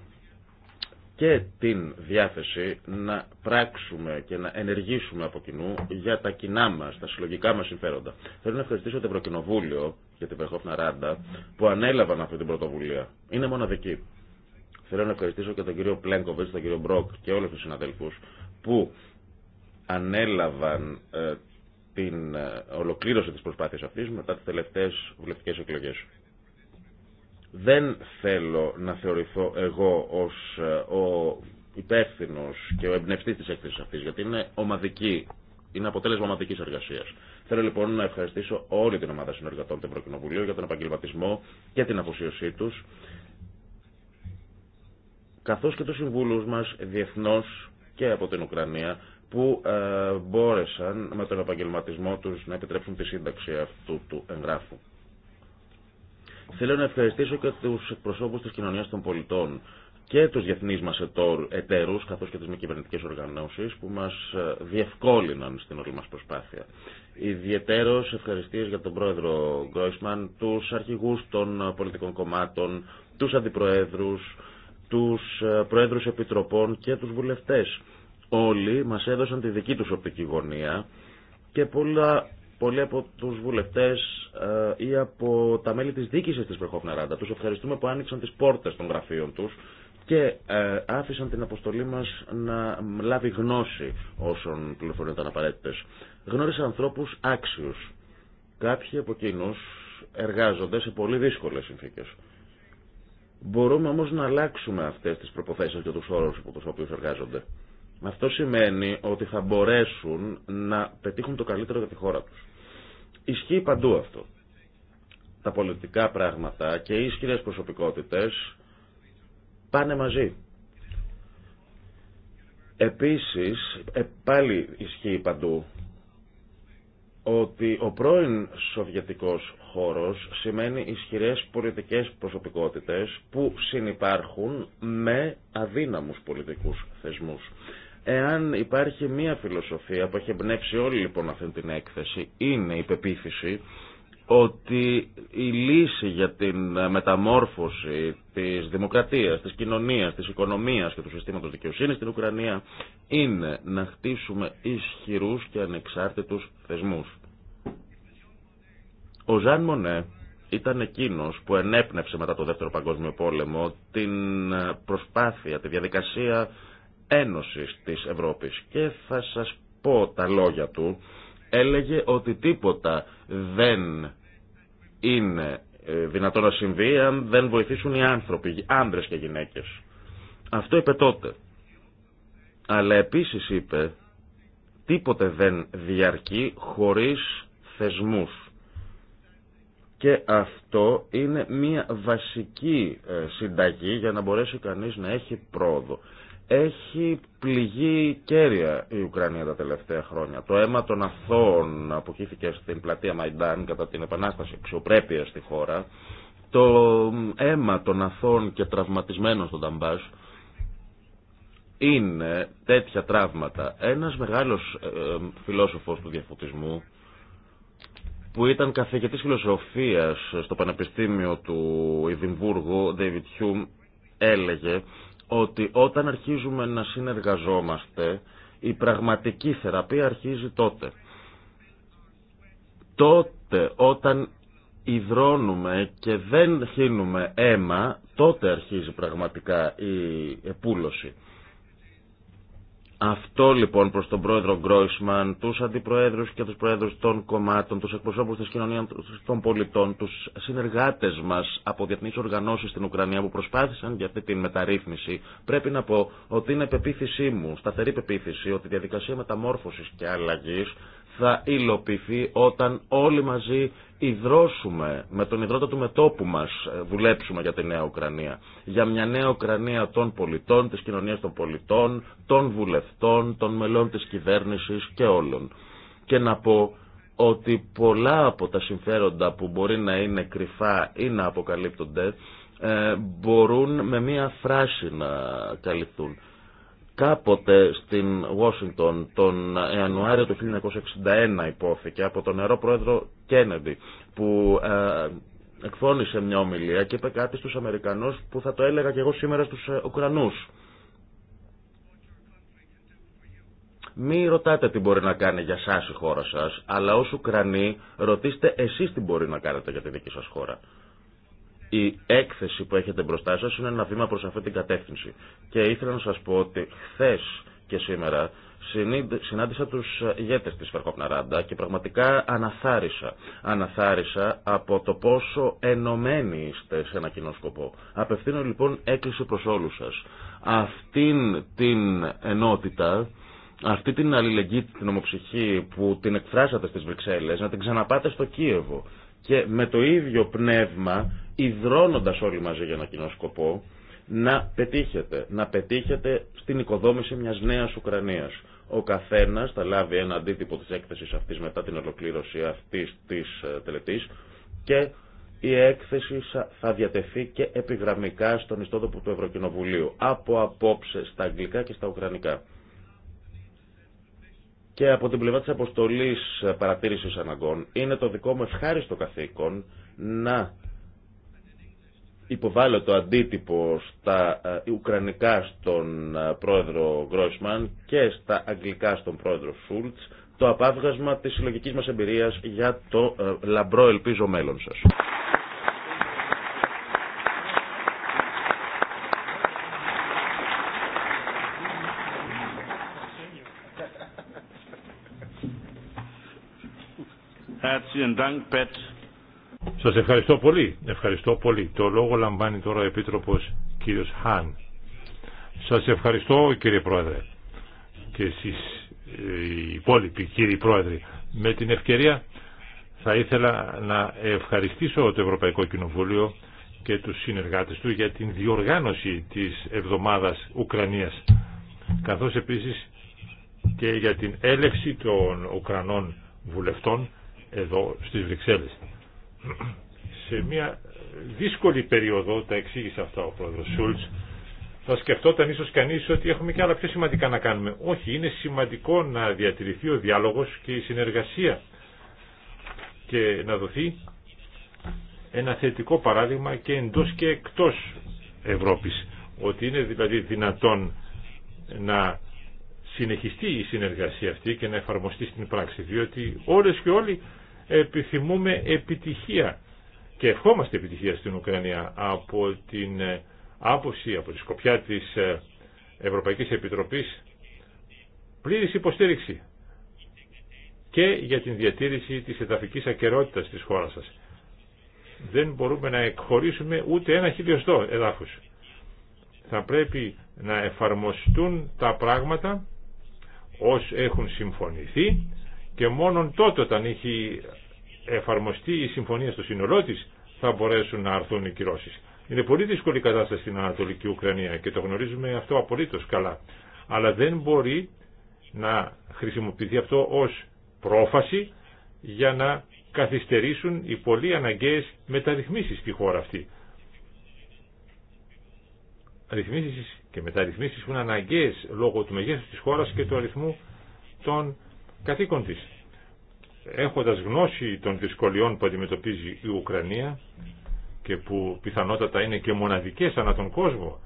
και την διάθεση να πράξουμε και να ενεργήσουμε από κοινού για τα κοινά μα, τα συλλογικά μα συμφέροντα. Θέλω να ευχαριστήσω το Ευρωκοινοβούλιο και την Περχόφνα Ράντα που ανέλαβαν αυτή την πρωτοβουλία. Είναι μοναδική. Θέλω να ευχαριστήσω και τον κύριο Πλέγκοβιτ, τον κύριο Μπροκ και όλου του συναδέλφου που ανέλαβαν ε, την ε, ολοκλήρωση της προσπάθειας αυτής μετά τις τελευταίες βουλευτικές εκλογές. Δεν θέλω να θεωρηθώ εγώ ως ε, ο υπεύθυνο και ο εμπνευστή της έκθεση αυτής γιατί είναι ομαδική. Είναι αποτέλεσμα ομαδικής εργασίας. Θέλω λοιπόν να ευχαριστήσω όλη την ομάδα συνεργατών του Ευρωκοινοβουλίου για τον επαγγελματισμό και την αφοσίωσή τους καθώς και τους συμβούλους μας διεθνώς και από την Ουκρανία που ε, μπόρεσαν με τον επαγγελματισμό τους να επιτρέψουν τη σύνταξη αυτού του εγγράφου. Θέλω να ευχαριστήσω και τους εκπροσώπους της κοινωνίας των πολιτών και τους διεθνείς μας εταίρους, καθώς και τις μη κυβερνητικές οργανώσεις που μας ε, διευκόλυναν στην όλη μας προσπάθεια. Ιδιαιτέρως ευχαριστίες για τον πρόεδρο Γκόισμαν, τους αρχηγούς των πολιτικών κομμάτων, τους αντιπροέδρους, τους ε, Προέδρους Επιτροπών και τους βουλευτές. Όλοι μας έδωσαν τη δική τους οπτική γωνία και πολλά, πολλοί από τους βουλευτές ε, ή από τα μέλη της διοίκησης της Ράντα τους ευχαριστούμε που άνοιξαν τις πόρτες των γραφείων τους και ε, άφησαν την αποστολή μας να λάβει γνώση όσων πληροφοριών ήταν απαραίτητες. Γνώρισα ανθρώπους άξιους. Κάποιοι από εκείνους εργάζονται σε πολύ δύσκολες συνθήκες. Μπορούμε όμως να αλλάξουμε αυτές τις προποθέσεις και τους όρους υπό τους οποίους εργάζονται. Αυτό σημαίνει ότι θα μπορέσουν να πετύχουν το καλύτερο για τη χώρα τους. Ισχύει παντού αυτό. Τα πολιτικά πράγματα και οι ισχυρές προσωπικότητες πάνε μαζί. Επίσης, ε, πάλι ισχύει παντού ότι ο πρώην σοβιετικός χώρος σημαίνει ισχυρές πολιτικές προσωπικότητες που συνυπάρχουν με αδύναμους πολιτικούς θεσμούς. Εάν υπάρχει μία φιλοσοφία που έχει εμπνεύσει όλη λοιπόν αυτή την έκθεση, είναι η πεποίθηση ότι η λύση για την μεταμόρφωση της δημοκρατίας, της κοινωνίας, της οικονομίας και του συστήματος δικαιοσύνης στην Ουκρανία είναι να χτίσουμε ισχυρούς και ανεξάρτητους θεσμούς. Ο Ζαν Μονέ ήταν εκείνος που ενέπνευσε μετά το Δεύτερο Παγκόσμιο Πόλεμο την προσπάθεια, τη διαδικασία ένωσης της Ευρώπης και θα σας πω τα λόγια του έλεγε ότι τίποτα δεν είναι ε, δυνατό να συμβεί αν δεν βοηθήσουν οι άνθρωποι, άνδρες και γυναίκες. Αυτό είπε τότε. Αλλά επίσης είπε τίποτε δεν διαρκεί χωρίς θεσμούς. Και αυτό είναι μια βασική ε, συνταγή για να μπορέσει κανείς να έχει πρόοδο. Έχει πληγεί κέρια η Ουκρανία τα τελευταία χρόνια. Το αίμα των αθώων αποχήθηκε στην πλατεία Μαϊντάν κατά την επανάσταση αξιοπρέπεια στη χώρα. Το αίμα των αθών και τραυματισμένων στον Ταμπάζ είναι τέτοια τραύματα. Ένας μεγάλος ε, φιλόσοφος του διαφωτισμού που ήταν καθηγητής φιλοσοφίας στο Πανεπιστήμιο του Ιδιμβούργου, David Hume, έλεγε ότι όταν αρχίζουμε να συνεργαζόμαστε, η πραγματική θεραπεία αρχίζει τότε. Τότε όταν υδρώνουμε και δεν χύνουμε αίμα, τότε αρχίζει πραγματικά η επούλωση. Αυτό λοιπόν προς τον πρόεδρο Γκρόισμαν, τους αντιπροέδρους και τους προέδρους των κομμάτων, τους εκπροσώπους της κοινωνίας των πολιτών, τους συνεργάτες μας από διεθνείς οργανώσεις στην Ουκρανία που προσπάθησαν για αυτή την μεταρρύθμιση, πρέπει να πω ότι είναι πεποίθησή μου, σταθερή πεποίθηση, ότι η διαδικασία μεταμόρφωσης και αλλαγής θα υλοποιηθεί όταν όλοι μαζί ιδρώσουμε με τον ιδρώτα του μετόπου μας, δουλέψουμε ε, για τη νέα Ουκρανία. Για μια νέα Ουκρανία των πολιτών, της κοινωνίας των πολιτών, των βουλευτών, των μελών της κυβέρνησης και όλων. Και να πω ότι πολλά από τα συμφέροντα που μπορεί να είναι κρυφά ή να αποκαλύπτονται ε, μπορούν με μία φράση να καλυφθούν. Κάποτε στην Ουάσιγκτον τον Ιανουάριο του 1961 υπόθηκε από τον νερό πρόεδρο Κένεδη που ε, εκφώνησε μια ομιλία και είπε κάτι στους Αμερικανούς που θα το έλεγα και εγώ σήμερα στους ε, Ουκρανούς. Μη ρωτάτε τι μπορεί να κάνει για σας η χώρα σας, αλλά ως Ουκρανοί ρωτήστε εσείς τι μπορεί να κάνετε για τη δική σας χώρα η έκθεση που έχετε μπροστά σας είναι ένα βήμα προς αυτή την κατεύθυνση. Και ήθελα να σας πω ότι χθε και σήμερα συνάντησα τους ηγέτες της Φερκοπναράντα και πραγματικά αναθάρισα. Αναθάρισα από το πόσο ενωμένοι είστε σε ένα κοινό σκοπό. Απευθύνω λοιπόν έκκληση προς όλους σας. Αυτήν την ενότητα αυτή την αλληλεγγύη, την ομοψυχή που την εκφράσατε στις Βρυξέλλες, να την ξαναπάτε στο Κίεβο. Και με το ίδιο πνεύμα ιδρώνοντας όλοι μαζί για ένα κοινό σκοπό, να πετύχετε, να πετύχετε στην οικοδόμηση μια νέας Ουκρανίας. Ο καθένας θα λάβει ένα αντίτυπο της έκθεσης αυτής μετά την ολοκλήρωση αυτής της ε, τελετής και η έκθεση θα διατεθεί και επιγραμμικά στον ιστότοπο του Ευρωκοινοβουλίου, από απόψε στα αγγλικά και στα ουκρανικά. Και από την πλευρά της αποστολής παρατήρησης αναγκών είναι το δικό μου ευχάριστο καθήκον να υποβάλλω το αντίτυπο στα ε, ουκρανικά στον ε, πρόεδρο Γκρόσμαν και στα αγγλικά στον πρόεδρο Σούλτς το απάβγασμα της συλλογικής μας εμπειρίας για το ε, λαμπρό ελπίζω μέλλον σας. Dank, Pet. Σας ευχαριστώ πολύ. Ευχαριστώ πολύ. Το λόγο λαμβάνει τώρα ο Επίτροπος κύριος Χάν. Σας ευχαριστώ κύριε Πρόεδρε και εσείς οι υπόλοιποι κύριοι Πρόεδροι. Με την ευκαιρία θα ήθελα να ευχαριστήσω το Ευρωπαϊκό Κοινοβούλιο και τους συνεργάτες του για την διοργάνωση της εβδομάδας Ουκρανίας καθώς επίσης και για την έλευση των Ουκρανών βουλευτών εδώ στις Βρυξέλλες σε μια δύσκολη περίοδο, τα εξήγησε αυτά ο πρόεδρος Σούλτς, θα σκεφτόταν ίσως κανείς ότι έχουμε και άλλα πιο σημαντικά να κάνουμε. Όχι, είναι σημαντικό να διατηρηθεί ο διάλογος και η συνεργασία και να δοθεί ένα θετικό παράδειγμα και εντός και εκτός Ευρώπης. Ότι είναι δηλαδή δυνατόν να συνεχιστεί η συνεργασία αυτή και να εφαρμοστεί στην πράξη. Διότι όλες και όλοι επιθυμούμε επιτυχία και ευχόμαστε επιτυχία στην Ουκρανία από την ε, άποψη, από τη σκοπιά της ε, Ευρωπαϊκής Επιτροπής πλήρης υποστήριξη και για την διατήρηση της εδαφικής ακερότητας της χώρας σας. Δεν μπορούμε να εκχωρήσουμε ούτε ένα χιλιοστό εδάφους. Θα πρέπει να εφαρμοστούν τα πράγματα ως έχουν συμφωνηθεί και μόνον τότε όταν έχει εφαρμοστεί η συμφωνία στο σύνολό της θα μπορέσουν να αρθούν οι κυρώσεις. Είναι πολύ δύσκολη η κατάσταση στην Ανατολική Ουκρανία και το γνωρίζουμε αυτό απολύτως καλά. Αλλά δεν μπορεί να χρησιμοποιηθεί αυτό ως πρόφαση για να καθυστερήσουν οι πολύ αναγκαίες μεταρρυθμίσεις στη χώρα αυτή. Ρυθμίσεις και μεταρρυθμίσεις που είναι αναγκαίες λόγω του μεγέθους της χώρας και του αριθμού των καθήκον της. Έχοντας γνώση των δυσκολιών που αντιμετωπίζει η Ουκρανία και που πιθανότατα είναι και μοναδικές ανά τον κόσμο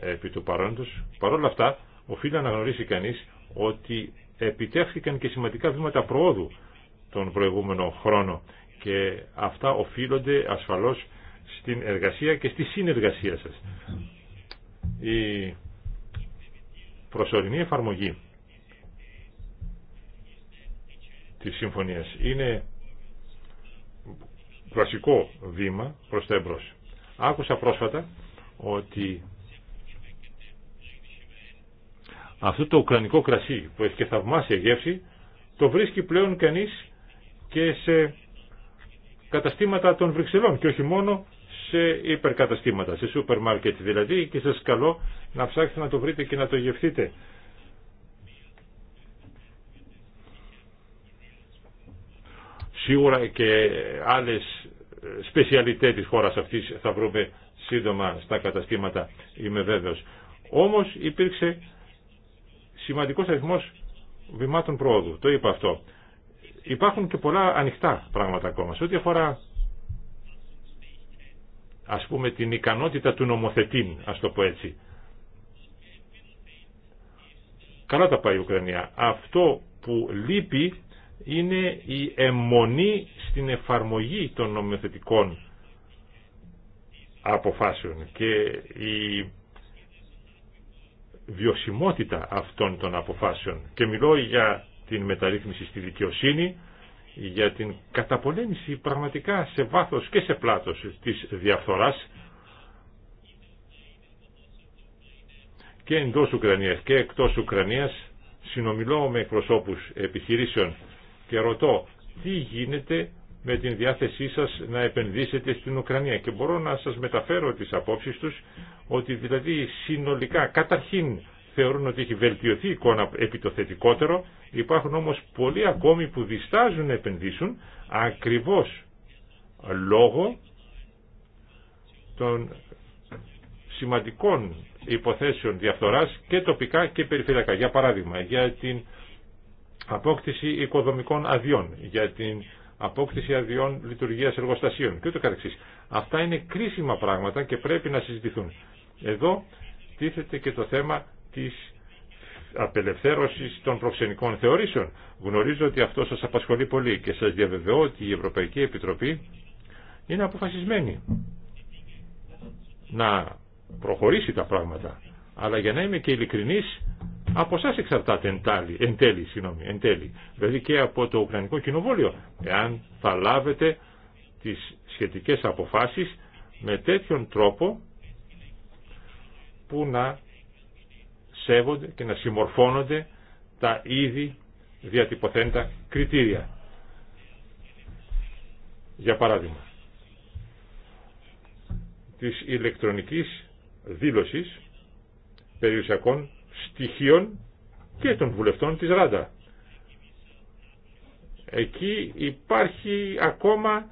επί του παρόντος, παρόλα αυτά οφείλει να γνωρίσει κανείς ότι επιτεύχθηκαν και σημαντικά βήματα προόδου τον προηγούμενο χρόνο και αυτά οφείλονται ασφαλώς στην εργασία και στη συνεργασία σας. Η προσωρινή εφαρμογή συμφωνίας. Είναι κλασικό βήμα προς τα εμπρός. Άκουσα πρόσφατα ότι αυτό το ουκρανικό κρασί που έχει και θαυμάσια γεύση το βρίσκει πλέον κανείς και σε καταστήματα των Βρυξελών και όχι μόνο σε υπερκαταστήματα, σε σούπερ μάρκετ δηλαδή και σας καλώ να ψάξετε να το βρείτε και να το γευθείτε Σίγουρα και άλλες ε, σπεσιαλιτέ της χώρας αυτής θα βρούμε σύντομα στα καταστήματα, είμαι βέβαιος. Όμως υπήρξε σημαντικός αριθμός βημάτων πρόοδου, το είπα αυτό. Υπάρχουν και πολλά ανοιχτά πράγματα ακόμα. Σε ό,τι αφορά ας πούμε την ικανότητα του νομοθετήν, ας το πω έτσι. Καλά τα πάει η Ουκρανία. Αυτό που λείπει είναι η αιμονή στην εφαρμογή των νομοθετικών αποφάσεων και η βιωσιμότητα αυτών των αποφάσεων. Και μιλώ για την μεταρρύθμιση στη δικαιοσύνη, για την καταπολέμηση πραγματικά σε βάθος και σε πλάτος της διαφθοράς και εντός Ουκρανίας και εκτός Ουκρανίας συνομιλώ με εκπροσώπους επιχειρήσεων και ρωτώ τι γίνεται με την διάθεσή σας να επενδύσετε στην Ουκρανία και μπορώ να σας μεταφέρω τις απόψεις τους ότι δηλαδή συνολικά καταρχήν θεωρούν ότι έχει βελτιωθεί η εικόνα επί το θετικότερο υπάρχουν όμως πολλοί ακόμη που διστάζουν να επενδύσουν ακριβώς λόγω των σημαντικών υποθέσεων διαφθοράς και τοπικά και περιφερειακά. Για παράδειγμα, για την απόκτηση οικοδομικών αδειών, για την απόκτηση αδειών λειτουργία εργοστασίων και Αυτά είναι κρίσιμα πράγματα και πρέπει να συζητηθούν. Εδώ τίθεται και το θέμα της απελευθέρωσης των προξενικών θεωρήσεων. Γνωρίζω ότι αυτό σας απασχολεί πολύ και σας διαβεβαιώ ότι η Ευρωπαϊκή Επιτροπή είναι αποφασισμένη να προχωρήσει τα πράγματα. Αλλά για να είμαι και ειλικρινής, από εσά εξαρτάται εν, τέλει, δηλαδή και από το Ουκρανικό Κοινοβούλιο, εάν θα λάβετε τις σχετικές αποφάσεις με τέτοιον τρόπο που να σέβονται και να συμμορφώνονται τα ήδη διατυπωθέντα κριτήρια. Για παράδειγμα, της ηλεκτρονικής δήλωσης περιουσιακών στοιχείων και των βουλευτών της Ράντα. Εκεί υπάρχει ακόμα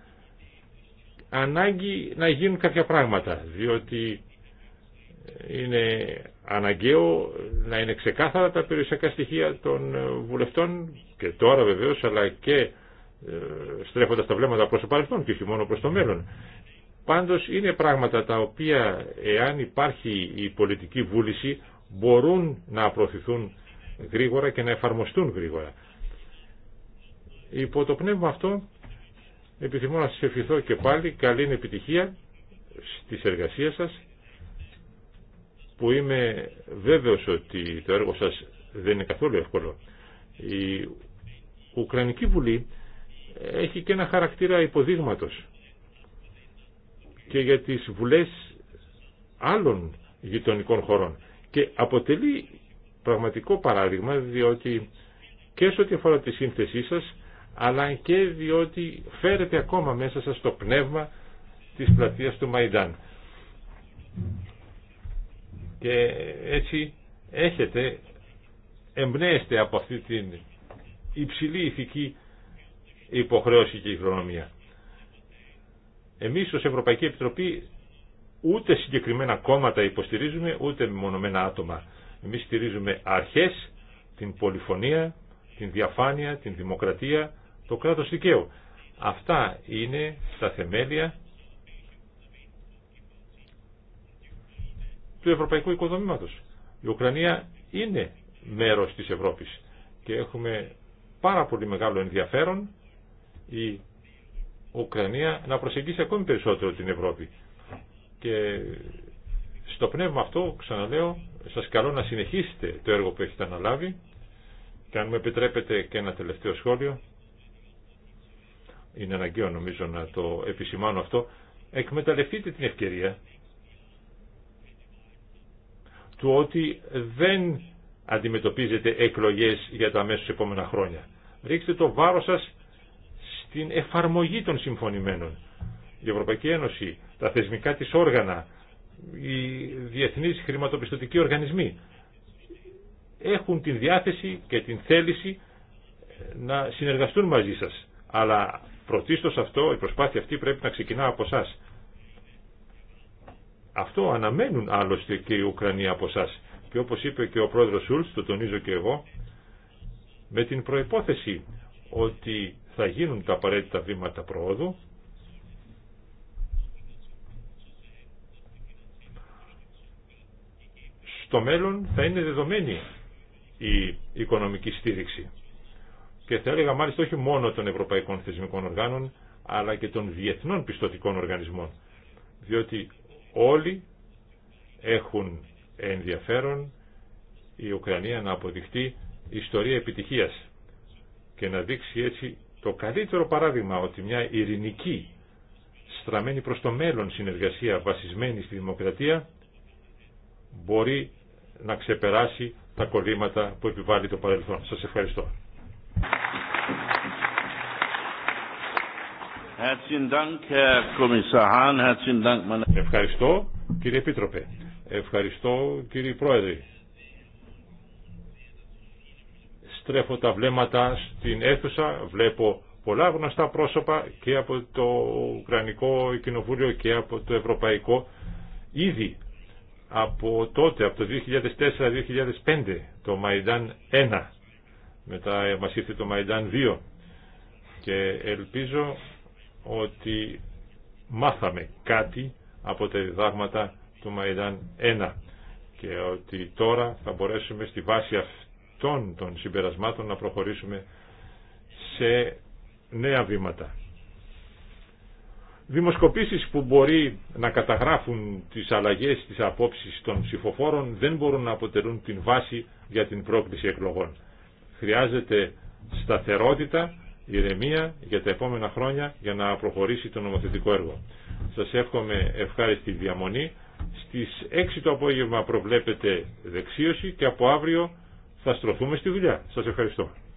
ανάγκη να γίνουν κάποια πράγματα, διότι είναι αναγκαίο να είναι ξεκάθαρα τα περιουσιακά στοιχεία των βουλευτών και τώρα βεβαίως, αλλά και ε, στρέφοντας τα βλέμματα προς το παρελθόν και όχι μόνο προς το μέλλον. Πάντως είναι πράγματα τα οποία εάν υπάρχει η πολιτική βούληση μπορούν να προωθηθούν γρήγορα και να εφαρμοστούν γρήγορα. Υπό το πνεύμα αυτό επιθυμώ να σας ευχηθώ και πάλι καλή επιτυχία στις εργασίες σας που είμαι βέβαιος ότι το έργο σας δεν είναι καθόλου εύκολο. Η Ουκρανική Βουλή έχει και ένα χαρακτήρα υποδείγματος και για τις βουλές άλλων γειτονικών χωρών και αποτελεί πραγματικό παράδειγμα διότι και σε ό,τι αφορά τη σύνθεσή σας αλλά και διότι φέρετε ακόμα μέσα σας το πνεύμα της πλατείας του Μαϊντάν. Και έτσι έχετε, εμπνέεστε από αυτή την υψηλή ηθική υποχρέωση και η χρονομία. Εμείς ως Ευρωπαϊκή Επιτροπή ούτε συγκεκριμένα κόμματα υποστηρίζουμε, ούτε μονομένα άτομα. Εμείς στηρίζουμε αρχές, την πολυφωνία, την διαφάνεια, την δημοκρατία, το κράτος δικαίου. Αυτά είναι τα θεμέλια του ευρωπαϊκού οικοδομήματος. Η Ουκρανία είναι μέρος της Ευρώπης και έχουμε πάρα πολύ μεγάλο ενδιαφέρον η Ουκρανία να προσεγγίσει ακόμη περισσότερο την Ευρώπη. Και στο πνεύμα αυτό, ξαναλέω, σας καλώ να συνεχίσετε το έργο που έχετε αναλάβει και αν μου επιτρέπετε και ένα τελευταίο σχόλιο, είναι αναγκαίο νομίζω να το επισημάνω αυτό, εκμεταλλευτείτε την ευκαιρία του ότι δεν αντιμετωπίζετε εκλογές για τα μέσα επόμενα χρόνια. Ρίξτε το βάρος σας στην εφαρμογή των συμφωνημένων η Ευρωπαϊκή Ένωση, τα θεσμικά της όργανα, οι διεθνείς χρηματοπιστωτικοί οργανισμοί έχουν την διάθεση και την θέληση να συνεργαστούν μαζί σας. Αλλά πρωτίστως αυτό, η προσπάθεια αυτή πρέπει να ξεκινά από εσά. Αυτό αναμένουν άλλωστε και οι Ουκρανοί από εσά. Και όπως είπε και ο πρόεδρος Σούλτς, το τονίζω και εγώ, με την προϋπόθεση ότι θα γίνουν τα απαραίτητα βήματα προόδου, στο μέλλον θα είναι δεδομένη η οικονομική στήριξη. Και θα έλεγα μάλιστα όχι μόνο των ευρωπαϊκών θεσμικών οργάνων, αλλά και των διεθνών πιστοτικών οργανισμών. Διότι όλοι έχουν ενδιαφέρον η Ουκρανία να αποδειχτεί ιστορία επιτυχίας και να δείξει έτσι το καλύτερο παράδειγμα ότι μια ειρηνική στραμμένη προς το μέλλον συνεργασία βασισμένη στη δημοκρατία μπορεί να ξεπεράσει τα κολλήματα που επιβάλλει το παρελθόν. Σας ευχαριστώ. Ευχαριστώ κύριε Επίτροπε. Ευχαριστώ κύριε Πρόεδρε. Στρέφω τα βλέμματα στην αίθουσα, βλέπω πολλά γνωστά πρόσωπα και από το Ουκρανικό Κοινοβούλιο και από το Ευρωπαϊκό. Ήδη από τότε, από το 2004-2005, το Μαϊντάν 1, μετά μας ήρθε το Μαϊντάν 2 και ελπίζω ότι μάθαμε κάτι από τα διδάγματα του Μαϊντάν 1 και ότι τώρα θα μπορέσουμε στη βάση αυτών των συμπερασμάτων να προχωρήσουμε σε νέα βήματα. Δημοσκοπήσεις που μπορεί να καταγράφουν τις αλλαγές της απόψεις των ψηφοφόρων δεν μπορούν να αποτελούν την βάση για την πρόκληση εκλογών. Χρειάζεται σταθερότητα, ηρεμία για τα επόμενα χρόνια για να προχωρήσει το νομοθετικό έργο. Σας εύχομαι ευχάριστη διαμονή. Στις 6 το απόγευμα προβλέπεται δεξίωση και από αύριο θα στρωθούμε στη δουλειά. Σας ευχαριστώ.